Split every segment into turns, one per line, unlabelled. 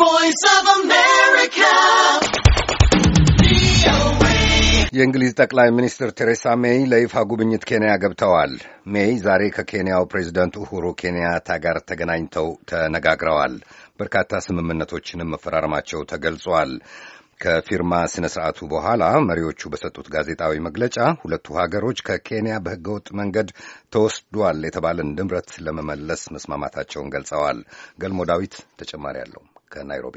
voice of America.
የእንግሊዝ ጠቅላይ ሚኒስትር ቴሬሳ ሜይ ለይፋ ጉብኝት ኬንያ ገብተዋል። ሜይ ዛሬ ከኬንያው ፕሬዚደንት ኡሁሩ ኬንያታ ጋር ተገናኝተው ተነጋግረዋል። በርካታ ስምምነቶችንም መፈራረማቸው ተገልጿል። ከፊርማ ስነ ስርዓቱ በኋላ መሪዎቹ በሰጡት ጋዜጣዊ መግለጫ ሁለቱ ሀገሮች ከኬንያ በህገወጥ መንገድ ተወስዷል የተባለን ድምረት ለመመለስ መስማማታቸውን ገልጸዋል። ገልሞ ዳዊት ተጨማሪ አለው። ከናይሮቢ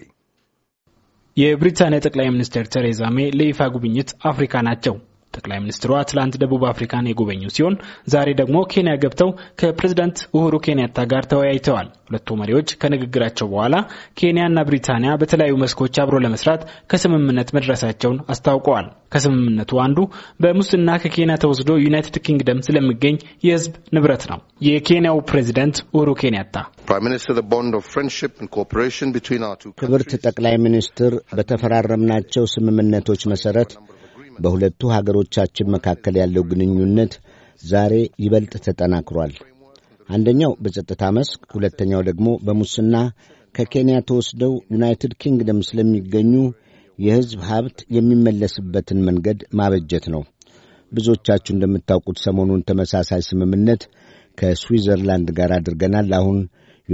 የብሪታንያ ጠቅላይ ሚኒስትር ቴሬዛ ሜይ ለይፋ ጉብኝት አፍሪካ ናቸው። ጠቅላይ ሚኒስትሯ ትላንት ደቡብ አፍሪካን የጎበኙ ሲሆን ዛሬ ደግሞ ኬንያ ገብተው ከፕሬዝዳንት ኡሁሩ ኬንያታ ጋር ተወያይተዋል። ሁለቱ መሪዎች ከንግግራቸው በኋላ ኬንያና ብሪታንያ በተለያዩ መስኮች አብሮ ለመስራት ከስምምነት መድረሳቸውን አስታውቀዋል። ከስምምነቱ አንዱ በሙስና ከኬንያ ተወስዶ ዩናይትድ ኪንግደም ስለሚገኝ የህዝብ ንብረት ነው። የኬንያው ፕሬዚደንት ኡሁሩ ኬንያታ
ክብርት ጠቅላይ ሚኒስትር በተፈራረምናቸው ስምምነቶች መሰረት በሁለቱ ሀገሮቻችን መካከል ያለው ግንኙነት ዛሬ ይበልጥ ተጠናክሯል። አንደኛው በጸጥታ መስክ፣ ሁለተኛው ደግሞ በሙስና ከኬንያ ተወስደው ዩናይትድ ኪንግደም ስለሚገኙ የሕዝብ ሀብት የሚመለስበትን መንገድ ማበጀት ነው። ብዙዎቻችሁ እንደምታውቁት ሰሞኑን ተመሳሳይ ስምምነት ከስዊዘርላንድ ጋር አድርገናል። አሁን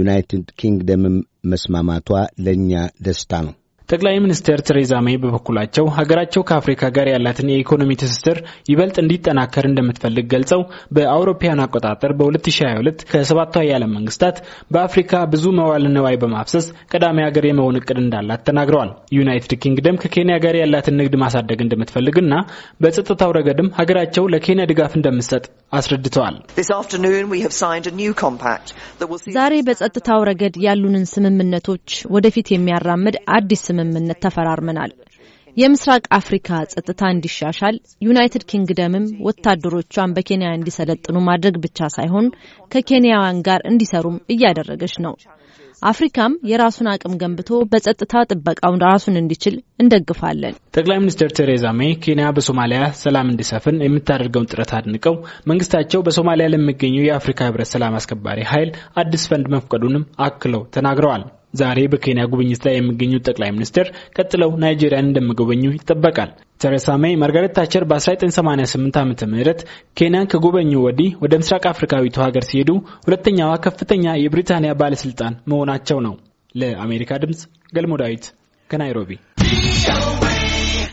ዩናይትድ ኪንግደምም መስማማቷ ለእኛ ደስታ ነው።
ጠቅላይ ሚኒስትር ቴሬዛ ሜይ በበኩላቸው ሀገራቸው ከአፍሪካ ጋር ያላትን የኢኮኖሚ ትስስር ይበልጥ እንዲጠናከር እንደምትፈልግ ገልጸው በአውሮፓውያን አቆጣጠር በ2022 ከሰባቱ የዓለም መንግስታት በአፍሪካ ብዙ መዋዕለ ንዋይ በማፍሰስ ቀዳሚ ሀገር የመሆን እቅድ እንዳላት ተናግረዋል። ዩናይትድ ኪንግደም ከኬንያ ጋር ያላትን ንግድ ማሳደግ እንደምትፈልግና በጸጥታው ረገድም ሀገራቸው ለኬንያ ድጋፍ እንደምትሰጥ አስረድተዋል።
ዛሬ በጸጥታው ረገድ ያሉንን ስምምነቶች ወደፊት የሚያራምድ አዲስ ስምምነት ስምምነት ተፈራርመናል። የምስራቅ አፍሪካ ጸጥታ እንዲሻሻል ዩናይትድ ኪንግደምም ወታደሮቿን በኬንያ እንዲሰለጥኑ ማድረግ ብቻ ሳይሆን ከኬንያውያን ጋር እንዲሰሩም እያደረገች ነው። አፍሪካም የራሱን አቅም ገንብቶ በጸጥታ ጥበቃው ራሱን እንዲችል እንደግፋለን።
ጠቅላይ ሚኒስትር ቴሬዛ ሜይ ኬንያ በሶማሊያ ሰላም እንዲሰፍን የምታደርገውን ጥረት አድንቀው መንግስታቸው በሶማሊያ ለሚገኘው የአፍሪካ ህብረት ሰላም አስከባሪ ኃይል አዲስ ፈንድ መፍቀዱንም አክለው ተናግረዋል። ዛሬ በኬንያ ጉብኝት ላይ የሚገኙት ጠቅላይ ሚኒስትር ቀጥለው ናይጄሪያን እንደሚጎበኙ ይጠበቃል። ቴሬሳ ሜይ ማርጋሬት ታቸር በ1988 ዓ ም ኬንያን ከጎበኙ ወዲህ ወደ ምስራቅ አፍሪካዊቱ ሀገር ሲሄዱ ሁለተኛዋ ከፍተኛ የብሪታንያ ባለስልጣን መሆናቸው ነው። ለአሜሪካ ድምፅ ገልሞ ዳዊት ከናይሮቢ